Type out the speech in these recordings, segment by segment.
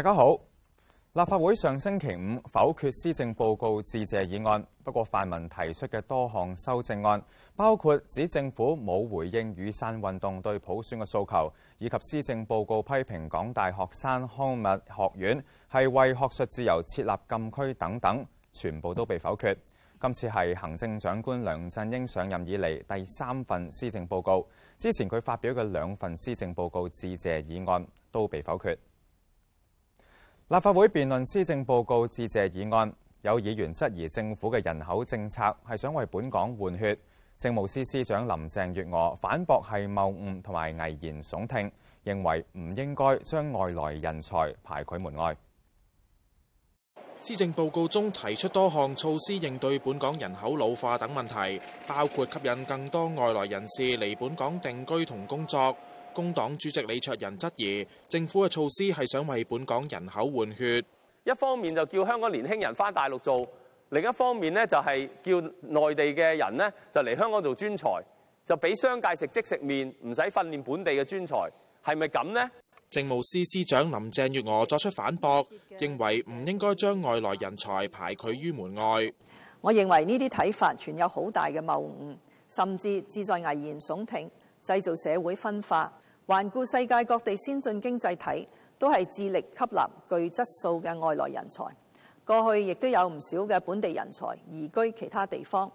大家好，立法會上星期五否決施政報告致謝議案，不過泛民提出嘅多項修正案，包括指政府冇回應雨傘運動對普選嘅訴求，以及施政報告批評港大學生刊物學苑係為學術自由設立禁區等等，全部都被否決。今次係行政長官梁振英上任以嚟第三份施政報告，之前佢發表嘅兩份施政報告致謝議案都被否決。立法會辯論施政報告致謝議案，有議員質疑政府嘅人口政策係想為本港換血。政務司司長林鄭月娥反駁係謬誤同埋危言聳聽，認為唔應該將外來人才排拒門外。施政報告中提出多項措施應對本港人口老化等問題，包括吸引更多外來人士嚟本港定居同工作。工黨主席李卓人質疑政府嘅措施係想為本港人口換血，一方面就叫香港年輕人翻大陸做，另一方面呢就係叫內地嘅人呢就嚟香港做專才，就俾商界食即食麵，唔使訓練本地嘅專才，係咪咁呢？政務司司長林鄭月娥作出反駁，認為唔應該將外來人才排拒於門外。我認為呢啲睇法，存有好大嘅謬誤，甚至志在危言聳聽，製造社會分化。環顧世界各地先進經濟體，都係致力吸納具質素嘅外來人才。過去亦都有唔少嘅本地人才移居其他地方。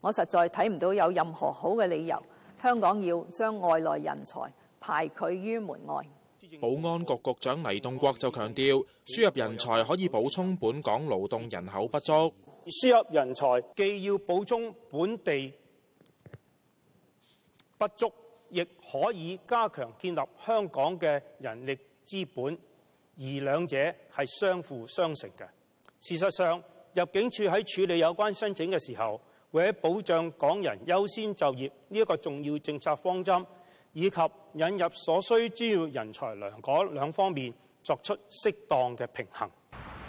我實在睇唔到有任何好嘅理由，香港要將外來人才排拒於門外。保安局局長黎棟國就強調，輸入人才可以補充本港勞動人口不足。輸入人才既要補充本地不足，亦可以加強建立香港嘅人力資本，而兩者係相輔相成嘅。事實上，入境處喺處理有關申請嘅時候，會保障港人優先就業呢一個重要政策方針，以及引入所需要人才良嗰兩方面作出適當嘅平衡。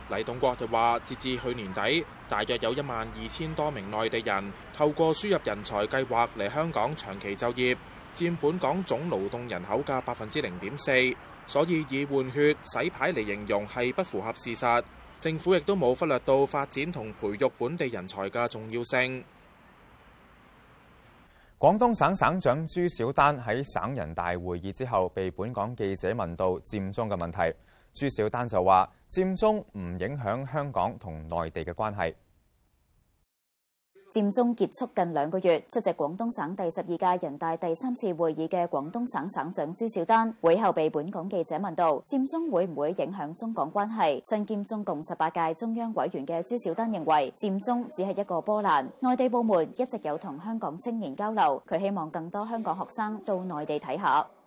黎棟國就話：截至去年底，大約有一萬二千多名內地人透過輸入人才計劃嚟香港長期就業。佔本港總勞動人口嘅百分之零點四，所以以換血洗牌嚟形容係不符合事實。政府亦都冇忽略到發展同培育本地人才嘅重要性。廣東省省長朱小丹喺省人大會議之後，被本港記者問到佔中嘅問題。朱小丹就話：「佔中唔影響香港同內地嘅關係。」佔中結束近兩個月，出席廣東省第十二屆人大第三次會議嘅廣東省省長朱小丹會後被本港記者問到：佔中會唔會影響中港關係？身兼中共十八屆中央委員嘅朱小丹認為，佔中只係一個波瀾，內地部門一直有同香港青年交流，佢希望更多香港學生到內地睇下。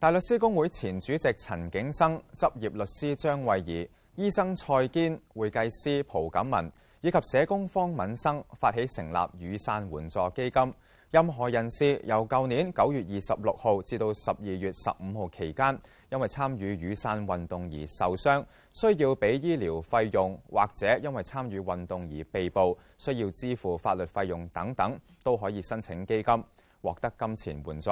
大律師公會前主席陳景生、執業律師張慧儀、醫生蔡堅、會計師蒲錦文以及社工方敏生發起成立雨傘援助基金。任何人士由舊年九月二十六號至到十二月十五號期間，因為參與雨傘運動而受傷，需要俾醫療費用，或者因為參與運動而被捕，需要支付法律費用等等，都可以申請基金，獲得金錢援助。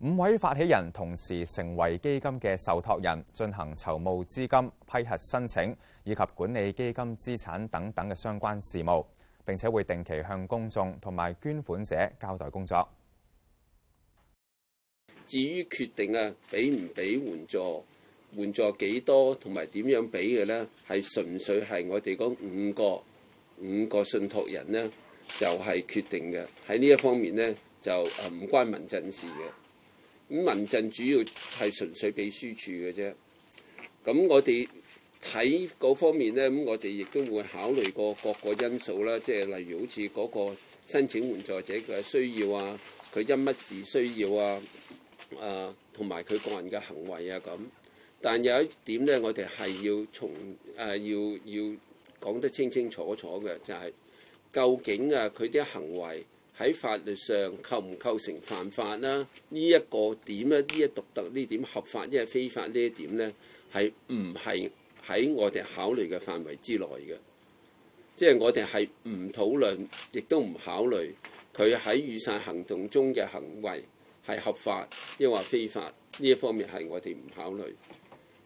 五位發起人同時成為基金嘅受託人，進行籌募資金、批核申請以及管理基金資產等等嘅相關事務，並且會定期向公眾同埋捐款者交代工作。至於決定啊，俾唔俾援助，援助幾多同埋點樣俾嘅咧，係純粹係我哋嗰五個五個信託人呢，就係、是、決定嘅。喺呢一方面呢，就誒唔關民陣事嘅。咁民陣主要係純粹秘書處嘅啫，咁我哋睇嗰方面咧，咁我哋亦都會考慮過各個因素啦，即係例如好似嗰個申請援助者嘅需要啊，佢因乜事需要啊，啊，同埋佢個人嘅行為啊咁。但有一點咧，我哋係要從誒要要講得清清楚楚嘅，就係究竟啊佢啲行為。喺法律上構唔構成犯法啦？呢、這、一個點咧，呢一獨特呢點合法，呢係非法呢一點咧，係唔係喺我哋考慮嘅範圍之內嘅？即係我哋係唔討論，亦都唔考慮佢喺雨傘行動中嘅行為係合法抑或非法，呢一方面係我哋唔考慮。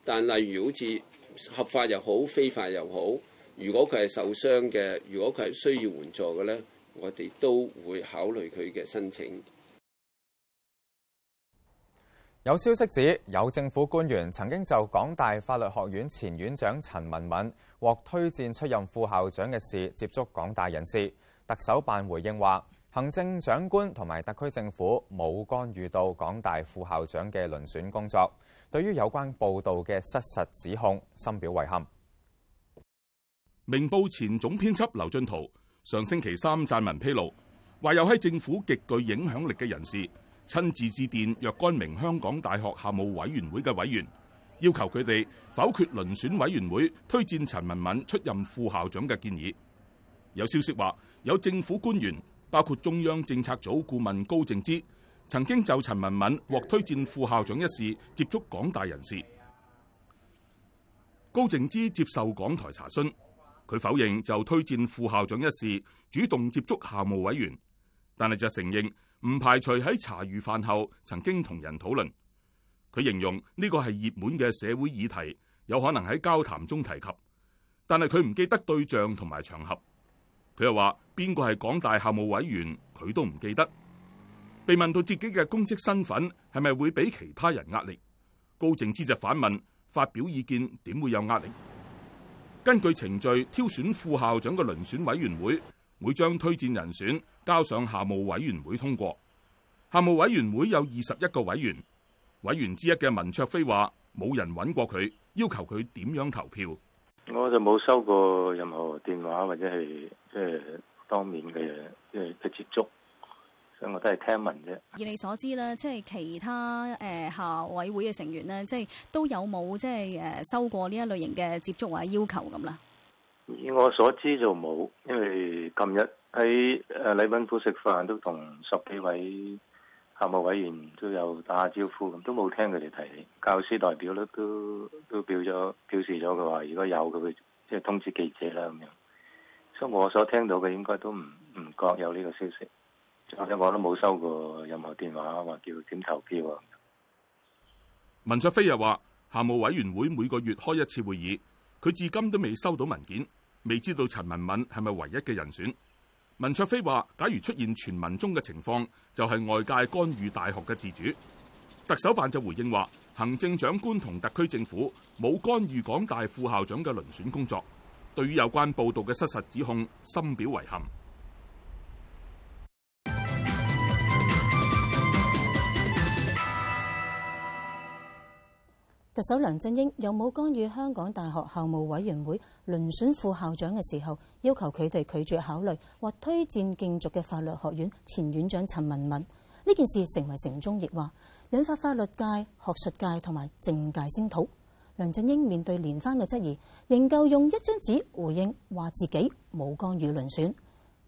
但例如好似合法又好，非法又好，如果佢係受傷嘅，如果佢係需要援助嘅咧？我哋都會考慮佢嘅申請。有消息指，有政府官員曾經就港大法律學院前院長陳文敏獲推薦出任副校長嘅事接觸港大人士。特首辦回應話，行政長官同埋特區政府冇干預到港大副校長嘅遴選工作。對於有關報道嘅失實指控，深表遺憾。明報前總編輯劉進圖。上星期三，撰文披露，話有喺政府極具影響力嘅人士親自致電若干名香港大學校務委員會嘅委員，要求佢哋否決遴選委員會推薦陳文敏出任副校長嘅建議。有消息話，有政府官員，包括中央政策組顧問高靜芝曾經就陳文敏獲推薦副校長一事接觸港大人士。高靜芝接受港台查詢。佢否認就推薦副校長一事主動接觸校務委員，但係就承認唔排除喺茶餘飯後曾經同人討論。佢形容呢個係熱門嘅社會議題，有可能喺交談中提及，但係佢唔記得對象同埋場合。佢又話邊個係港大校務委員，佢都唔記得。被問到自己嘅公職身份係咪會俾其他人壓力，高靜芝就反問發表意見點會有壓力？根據程序挑選副校長嘅輪選委員會，會將推薦人選交上校務委員會通過。校務委員會有二十一個委員，委員之一嘅文卓飛話：冇人揾過佢，要求佢點樣投票。我就冇收過任何電話或者係即係當面嘅嘢嘅接觸。所以我都係聽聞啫。以你所知啦，即係其他誒校委會嘅成員咧，即係都有冇即係誒收過呢一類型嘅接觸或者要求咁啦？以我所知就冇，因為琴日喺誒禮賓府食飯都同十幾位校務委員都有打下招呼，咁都冇聽佢哋提。教師代表咧都都表咗表示咗，佢話如果有佢會即係通知記者啦咁樣。所以我所聽到嘅應該都唔唔覺有呢個消息。而且我都冇收過任何電話，話叫點投票啊！文卓飛又話，校務委員會每個月開一次會議，佢至今都未收到文件，未知道陳文敏係咪唯一嘅人選。文卓飛話，假如出現傳聞中嘅情況，就係外界干預大學嘅自主。特首辦就回應話，行政長官同特區政府冇干預港大副校長嘅遴選工作，對於有關報道嘅失實指控，深表遺憾。特首梁振英有冇干預香港大學校務委員會遴選副校長嘅時候，要求佢哋拒絕考慮或推薦競逐嘅法律學院前院長陳文敏？呢件事成為城中熱話，引發法律界、學術界同埋政界聲討。梁振英面對連番嘅質疑，仍舊用一張紙回應，話自己冇干預遴選。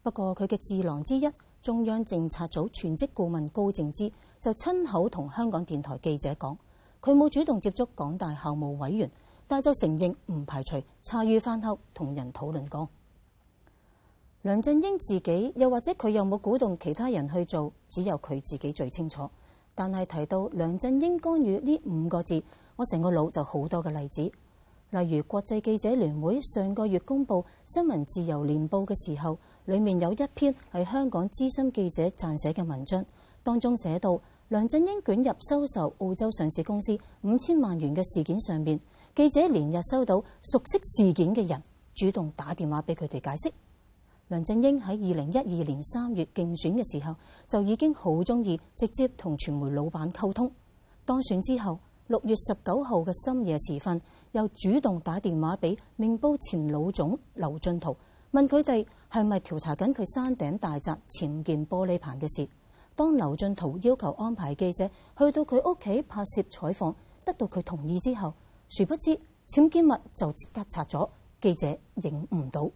不過佢嘅智囊之一，中央政策組全職顧問高靜芝就親口同香港電台記者講。佢冇主動接觸港大校務委員，但就承認唔排除差于飯後同人討論過。梁振英自己又或者佢有冇鼓動其他人去做，只有佢自己最清楚。但係提到梁振英干預呢五個字，我成個腦就好多嘅例子，例如國際記者聯會上個月公布新聞自由年報嘅時候，裏面有一篇係香港資深記者撰寫嘅文章，當中寫到。梁振英捲入收受澳洲上市公司五千萬元嘅事件上面，記者連日收到熟悉事件嘅人主動打電話俾佢哋解釋。梁振英喺二零一二年三月競選嘅時候，就已經好鍾意直接同傳媒老闆溝通。當選之後六月十九號嘅深夜時分，又主動打電話俾明報前老總劉俊濤，問佢哋係咪調查緊佢山頂大宅僭建玻璃棚嘅事。當劉俊濤要求安排記者去到佢屋企拍攝採訪，得到佢同意之後，殊不知僭建物就即刻拆咗，記者影唔到。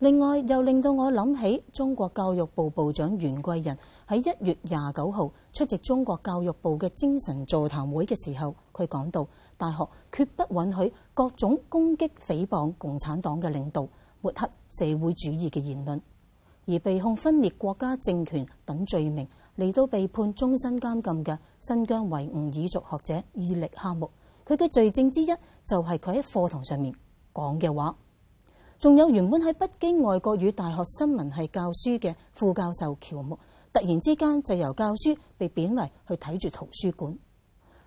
另外，又令到我諗起中國教育部部長袁貴仁喺一月廿九號出席中國教育部嘅精神座談會嘅時候，佢講到：大學決不允許各種攻擊、誹謗共產黨嘅領導、抹黑社會主義嘅言論。而被控分裂國家政權等罪名，嚟到被判終身監禁嘅新疆維吾爾族學者伊力哈木，佢嘅罪證之一就係佢喺課堂上面講嘅話。仲有原本喺北京外國語大學新聞系教書嘅副教授喬木，突然之間就由教書被貶為去睇住圖書館。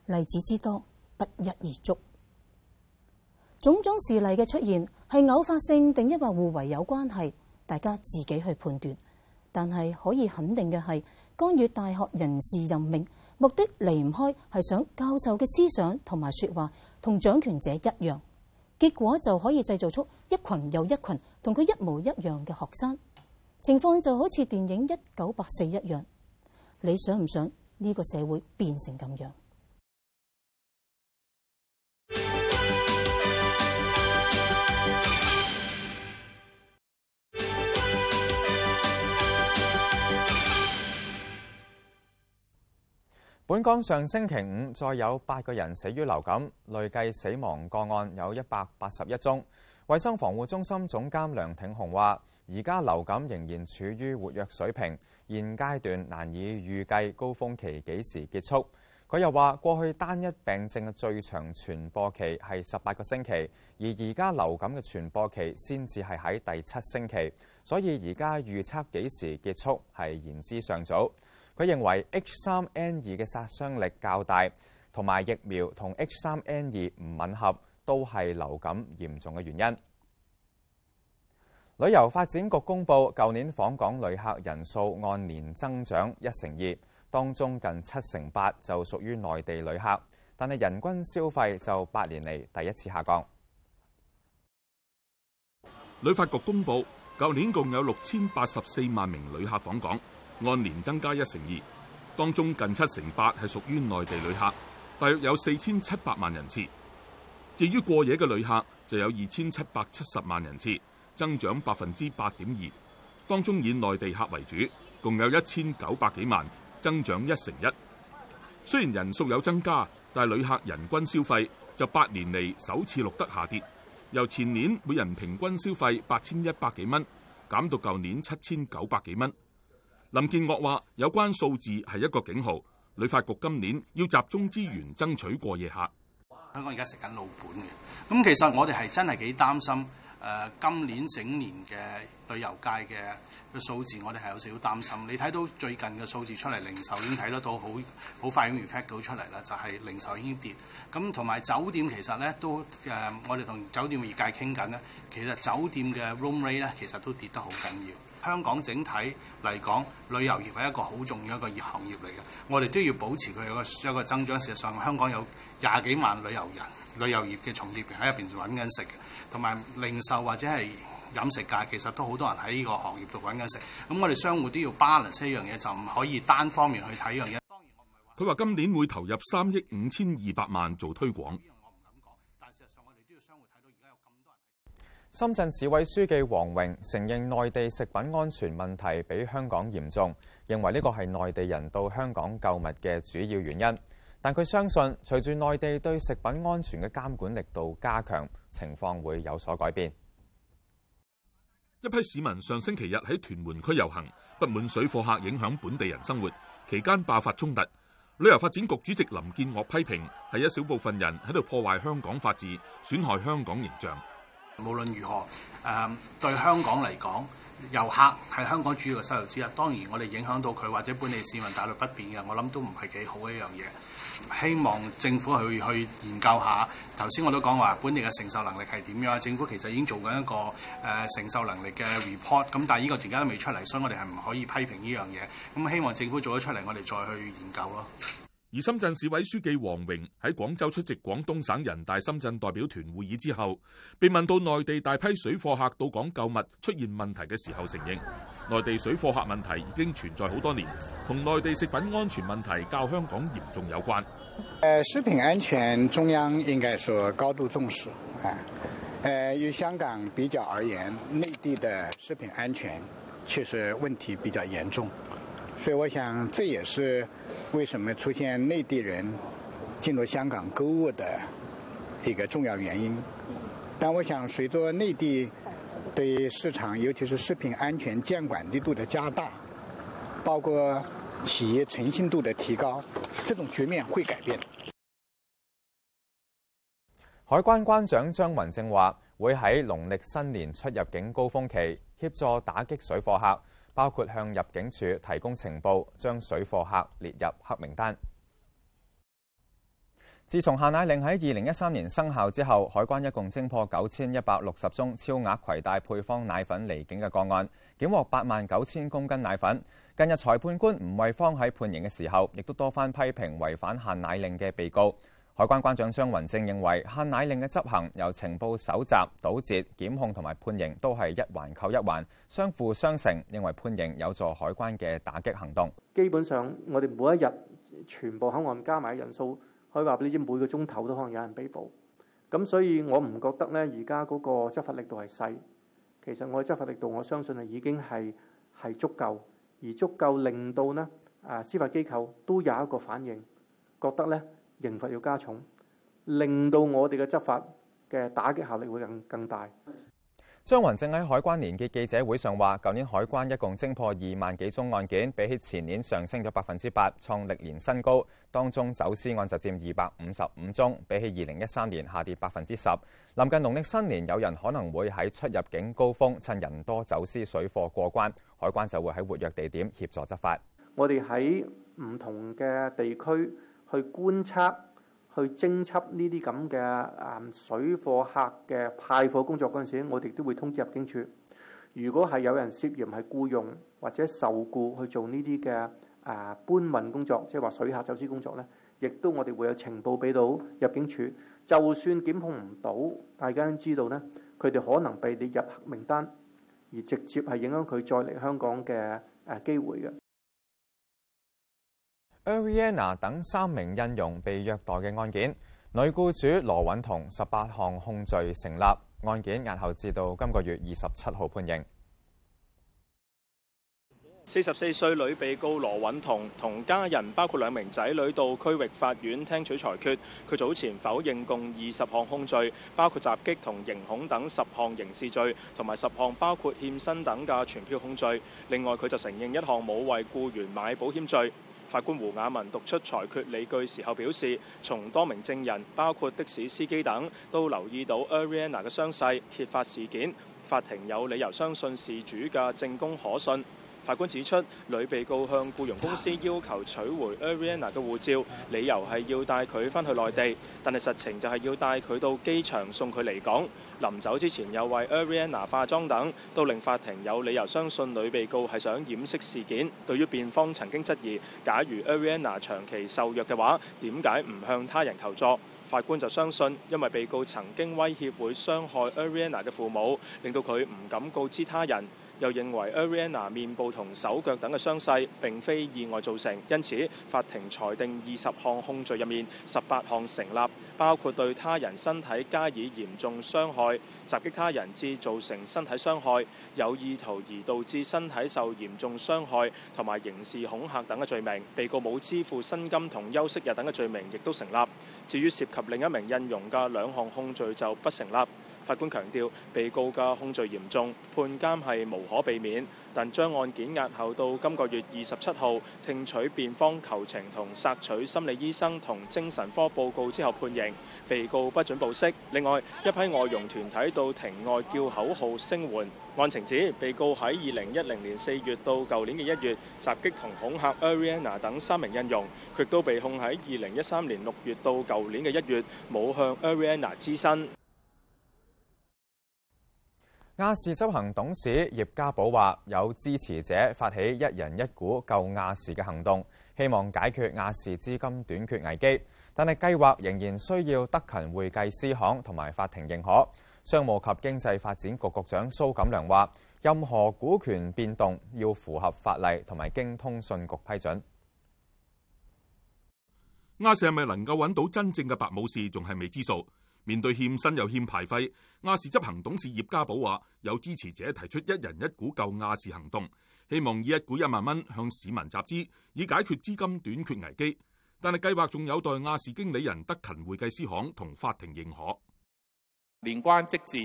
例子之多不一而足，種種事例嘅出現係偶發性定抑或互為有關係。大家自己去判斷，但係可以肯定嘅係，干預大學人事任命目的離唔開係想教授嘅思想同埋說話同掌權者一樣，結果就可以製造出一群又一群同佢一模一樣嘅學生，情況就好似電影《一九八四》一樣，你想唔想呢個社會變成咁樣？本港上星期五再有八個人死於流感，累計死亡個案有一百八十一宗。衛生防護中心總監梁挺雄話，而家流感仍然處於活躍水平，現階段難以預計高峰期幾時結束。佢又話，過去單一病症嘅最長傳播期係十八個星期，而而家流感嘅傳播期先至係喺第七星期，所以而家預測幾時結束係言之尚早。佢認為 H 三 N 二嘅殺傷力較大，同埋疫苗同 H 三 N 二唔吻合，都係流感嚴重嘅原因。旅遊發展局公布，舊年訪港旅客人數按年增長一成二，當中近七成八就屬於內地旅客，但係人均消費就八年嚟第一次下降。旅發局公布，舊年共有六千八十四萬名旅客訪港。按年增加一成二，當中近七成八係屬於內地旅客，大約有四千七百萬人次。至於過夜嘅旅客就有二千七百七十萬人次，增長百分之八點二。當中以內地客為主，共有一千九百幾萬，增長一成一。雖然人數有增加，但旅客人均消費就八年嚟首次錄得下跌，由前年每人平均消費八千一百幾蚊，減到舊年七千九百幾蚊。林建岳話：有關數字係一個警號，旅發局今年要集中資源爭取過夜客。香港而家食緊老本嘅。咁其實我哋係真係幾擔心，誒、呃，今年整年嘅旅遊界嘅數字，我哋係有少少擔心。你睇到最近嘅數字出嚟，零售已經睇得到好，好快已經 reflect 到出嚟啦，就係、是、零售已經跌。咁同埋酒店其實咧都，誒、呃，我哋同酒店業界傾緊咧，其實酒店嘅 room rate 咧，其實都跌得好緊要。香港整體嚟講，旅遊業係一個好重要嘅一個行業嚟嘅。我哋都要保持佢有個一個增長。事實上，香港有廿幾萬旅遊人，旅遊業嘅從業員喺入邊揾緊食，同埋零售或者係飲食界，其實都好多人喺呢個行業度揾緊食。咁我哋相互都要 balance 呢樣嘢，就唔可以單方面去睇樣嘢。當然，我唔係話佢話今年會投入三億五千二百萬做推廣。商戶睇到而家有咁多人。深圳市委書記王榮承認內地食品安全問題比香港嚴重，認為呢個係內地人到香港購物嘅主要原因。但佢相信，隨住內地對食品安全嘅監管力度加強，情況會有所改變。一批市民上星期日喺屯門區遊行，不滿水貨客影響本地人生活，期間爆發衝突。旅遊發展局主席林建岳批評係一小部分人喺度破壞香港法治，損害香港形象。無論如何，誒，對香港嚟講，遊客係香港主要嘅收入之一。當然我，我哋影響到佢或者本地市民帶嚟，不便嘅，我諗都唔係幾好嘅一樣嘢。.希望政府去去研究下。頭先我都講話本地嘅承受能力係點樣，政府其實已經做緊一個誒承受能力嘅 report。咁但係依個而家都未出嚟，所以我哋係唔可以批評呢樣嘢。咁希望政府做得出嚟，我哋再去研究咯。而深圳市委書記王榮喺廣州出席廣東省人大深圳代表團會議之後，被問到內地大批水貨客到港購物出現問題嘅時候，承認內地水貨客問題已經存在好多年，同內地食品安全問題較香港嚴重有關。誒，食品安全中央應該說高度重視，啊、呃，誒，與香港比較而言，內地的食品安全確實問題比較嚴重。所以我想，這也是為什麼出現內地人進入香港購物的一個重要原因。但我想，隨着內地對市場，尤其是食品安全監管力度的加大，包括企業誠信度的提高，這種局面會改變。海關關長張雲正話，會喺農曆新年出入境高峰期協助打擊水貨客。包括向入境處提供情報，將水貨客列入黑名單。自從限奶令喺二零一三年生效之後，海關一共偵破九千一百六十宗超額攜帶配方奶粉離境嘅個案，檢獲八萬九千公斤奶粉。近日裁判官吳惠芳喺判刑嘅時候，亦都多番批評違反限奶令嘅被告。海關關長張雲正認為，限奶令嘅執行由情報搜集、堵截、檢控同埋判刑都係一環扣一環，相輔相成。認為判刑有助海關嘅打擊行動。基本上，我哋每一日全部口岸加埋人數，可以話俾你知，每個鐘頭都可能有人被捕。咁所以，我唔覺得呢，而家嗰個執法力度係細。其實我嘅執法力度，我相信係已經係係足夠，而足夠令到呢啊，司法機構都有一個反應，覺得呢。刑罰要加重，令到我哋嘅執法嘅打擊效力會更更大。張雲正喺海關年結記者會上話，舊年海關一共偵破二萬幾宗案件，比起前年上升咗百分之八，創歷年新高。當中走私案就佔二百五十五宗，比起二零一三年下跌百分之十。臨近農曆新年，有人可能會喺出入境高峰，趁人多走私水貨過關，海關就會喺活躍地點協助執法。我哋喺唔同嘅地區。去觀察、去偵緝呢啲咁嘅誒水貨客嘅派貨工作嗰陣時，我哋都會通知入境處。如果係有人涉嫌係僱用或者受僱去做呢啲嘅誒搬運工作，即係話水客走私工作呢，亦都我哋會有情報俾到入境處。就算檢控唔到，大家都知道呢，佢哋可能被列入黑名單，而直接係影響佢再嚟香港嘅誒機會嘅。Erwiana 等三名印佣被虐待嘅案件，女僱主羅允彤十八項控罪成立，案件押後至到今個月二十七號判刑。四十四歲女被告羅允彤同家人包括兩名仔女到區域法院聽取裁決。佢早前否認共二十項控罪，包括襲擊同刑恐等十項刑事罪，同埋十項包括欠薪等嘅傳票控罪。另外佢就承認一項冇為僱員買保險罪。法官胡雅文讀出裁決理據時候表示，從多名證人，包括的士司機等，都留意到 Ariana 嘅傷勢、揭發事件，法庭有理由相信事主嘅證供可信。法官指出，女被告向雇傭公司要求取回 Ariana 嘅護照，理由係要帶佢返去內地，但係實情就係要帶佢到機場送佢離港。臨走之前又為 Arianna 化妝等，都令法庭有理由相信女被告係想掩飾事件。對於辯方曾經質疑，假如 Arianna 長期受虐嘅話，點解唔向他人求助？法官就相信，因為被告曾經威脅會傷害 Arianna 嘅父母，令到佢唔敢告知他人。又認為 Arianna 面部同手腳等嘅傷勢並非意外造成，因此法庭裁定二十項控罪入面十八項成立，包括對他人身體加以嚴重傷害。襲擊他人，致造成身體傷害，有意圖而導致身體受嚴重傷害同埋刑事恐嚇等嘅罪名，被告冇支付薪金同休息日等嘅罪名亦都成立。至於涉及另一名印傭嘅兩項控罪，就不成立。法官強調，被告嘅控罪嚴重，判監係無可避免，但將案件押後到今個月二十七號聽取辯方求情同索取心理醫生同精神科報告之後判刑。被告不准保釋。另外，一批外傭團體到庭外叫口號聲援。案情指，被告喺二零一零年四月到舊年嘅一月襲擊同恐嚇 Arianna 等三名印傭，佢都被控喺二零一三年六月到舊年嘅一月冇向 Arianna 支薪。亞視執行董事葉家寶話：有支持者發起一人一股救亞視嘅行動，希望解決亞視資金短缺危機，但係計劃仍然需要德勤會計師行同埋法庭認可。商務及經濟發展局局長蘇錦樑話：任何股權變動要符合法例同埋經通訊局批准。亞視係咪能夠搵到真正嘅白武士，仲係未知數。面對欠薪又欠牌費，亞視執行董事葉家寶話：有支持者提出一人一股救亞視行動，希望以一股一萬蚊向市民集資，以解決資金短缺危機。但係計劃仲有待亞視經理人德勤會計師行同法庭認可。年關即至，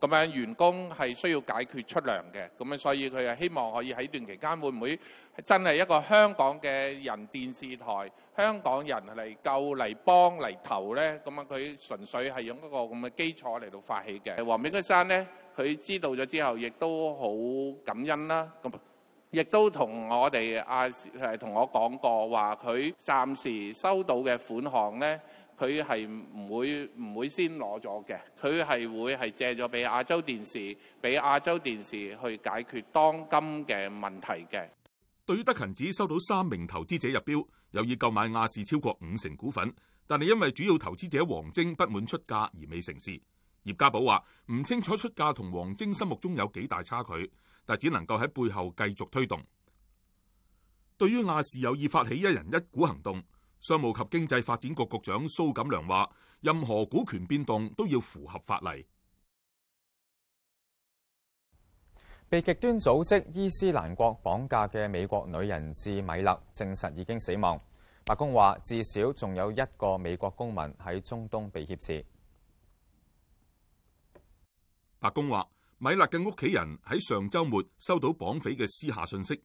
咁樣員工係需要解決出糧嘅，咁樣所以佢係希望可以喺段期間會唔會真係一個香港嘅人，電視台香港人嚟救嚟幫嚟投咧？咁啊，佢純粹係用一個咁嘅基礎嚟到發起嘅。黃炳坤生咧，佢知道咗之後，亦都好感恩啦，亦都同我哋亞視同我講過，話佢暫時收到嘅款項咧。佢係唔會唔會先攞咗嘅，佢係會係借咗俾亞洲電視，俾亞洲電視去解決當今嘅問題嘅。對於德勤指收到三名投資者入標，有意購買亞視超過五成股份，但係因為主要投資者王征不滿出價而未成事。葉家寶話：唔清楚出價同王征心目中有幾大差距，但只能夠喺背後繼續推動。對於亞視有意發起一人一股行動。商務及經濟發展局局長蘇錦梁話，任何股權變動都要符合法例。被極端組織伊斯蘭國綁架嘅美國女人質米勒證實已經死亡。白宮話，至少仲有一個美國公民喺中東被挾持。白宮話，米勒嘅屋企人喺上周末收到綁匪嘅私下信息，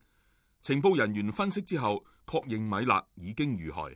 情報人員分析之後確認米勒已經遇害。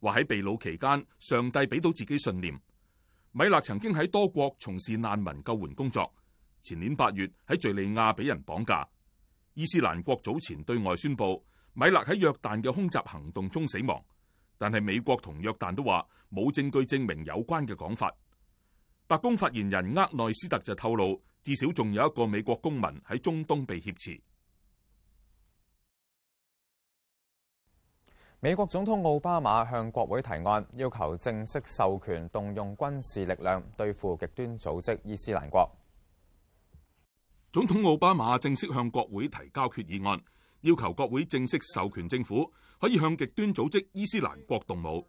話喺被捕期間，上帝俾到自己信念。米勒曾經喺多國從事難民救援工作。前年八月喺敘利亞俾人綁架。伊斯蘭國早前對外宣布米勒喺約旦嘅空襲行動中死亡，但係美國同約旦都話冇證據證明有關嘅講法。白宮發言人厄內斯特就透露，至少仲有一個美國公民喺中東被挾持。美國總統奧巴馬向國會提案，要求正式授權動用軍事力量對付極端組織伊斯蘭國。總統奧巴馬正式向國會提交決議案，要求國會正式授權政府可以向極端組織伊斯蘭國動武。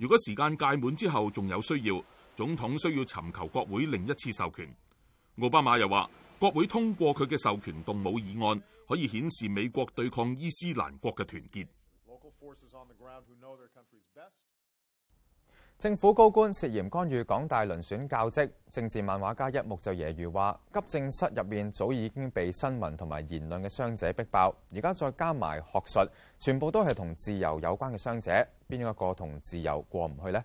如果時間屆滿之後仲有需要，總統需要尋求國會另一次授權。奧巴馬又話，國會通過佢嘅授權動武議案，可以顯示美國對抗伊斯蘭國嘅團結。政府高官涉嫌干預港大遴選教職，政治漫畫家一目就揶揄話：急症室入面早已經被新聞同埋言論嘅傷者逼爆，而家再加埋學術，全部都係同自由有關嘅傷者，邊一個同自由過唔去咧？